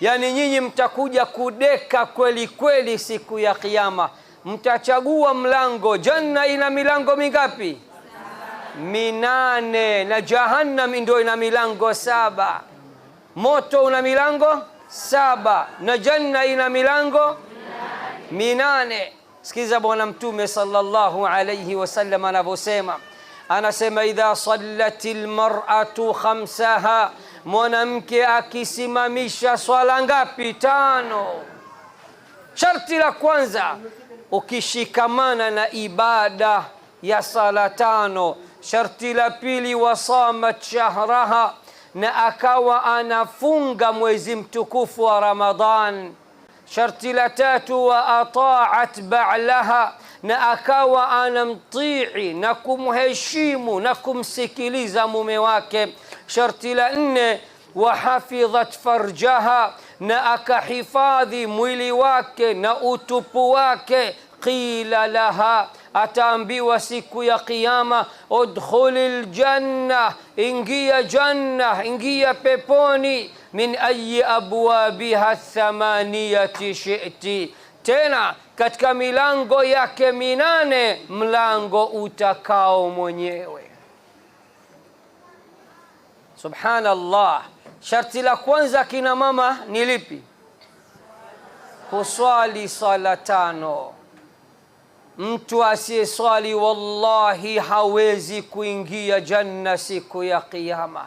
yani nyinyi mtakuja kudeka kweli kweli siku ya Kiyama, mtachagua mlango. Janna ina milango mingapi? Minane. Na jahannam ndio ina milango saba. Moto una milango saba na janna ina milango minane, Sikiza Bwana Mtume sallallahu alayhi wasallam anavyosema, anasema idha sallat lmaratu khamsaha mwanamke akisimamisha swala ngapi? Tano. Sharti la kwanza, ukishikamana na ibada ya sala tano. Sharti la pili, wasamat shahraha, na akawa anafunga mwezi mtukufu wa Ramadhan. Sharti la tatu, wa ataat ba'laha na akawa anamtii na kumheshimu na kumsikiliza mume wake. Sharti la nne, wahafidhat farjaha, na akahifadhi mwili wake na utupu wake. Qila laha, ataambiwa siku ya Kiyama, udkhuli ljanna, ingia janna, ingia peponi. Min ayi abwabiha thamaniyati shiti tena katika milango yake minane mlango utakao mwenyewe. Subhanallah. Sharti la kwanza kina mama ni lipi? Kuswali swala tano. Mtu asiyeswali wallahi hawezi kuingia janna siku ya Kiyama.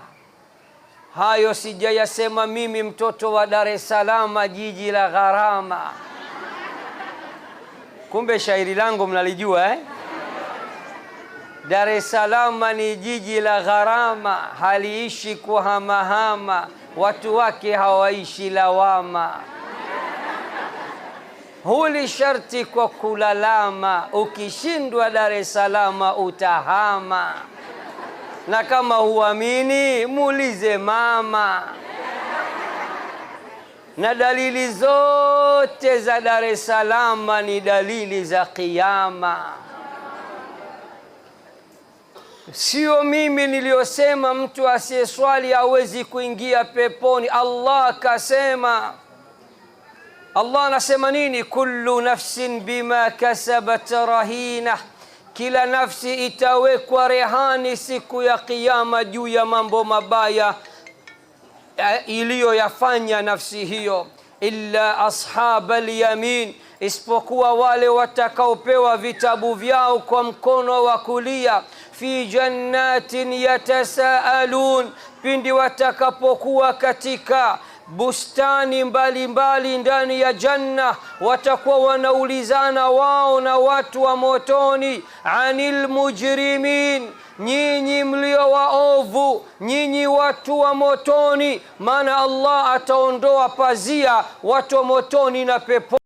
Hayo sijayasema mimi, mtoto wa Dar es Salaam, jiji la gharama. Kumbe shairi langu mnalijua eh? Dar es Salaam ni jiji la gharama, haliishi kuhamahama, watu wake hawaishi lawama. Huli sharti kwa kulalama, ukishindwa Dar es Salaam utahama. Na kama huamini muulize mama. Na dalili zote za Dar es Salaam ni dalili za Kiyama. Sio mimi niliyosema mtu swali hawezi kuingia peponi. Allah kasema. Allah anasema nini? Kullu nafsin bima kasabat rahina, kila nafsi itawekwa rehani siku ya Kiyama juu ya mambo mabaya eh, iliyoyafanya nafsi hiyo. Illa ashab lyamin, isipokuwa wale watakaopewa vitabu vyao kwa mkono wa kulia fi jannatin yatasaalun, pindi watakapokuwa katika bustani mbalimbali ndani ya janna, watakuwa wanaulizana wao na watu wa motoni, anil mujrimin, nyinyi mlio waovu, nyinyi watu wa motoni. Maana Allah ataondoa pazia watu wa motoni na pepo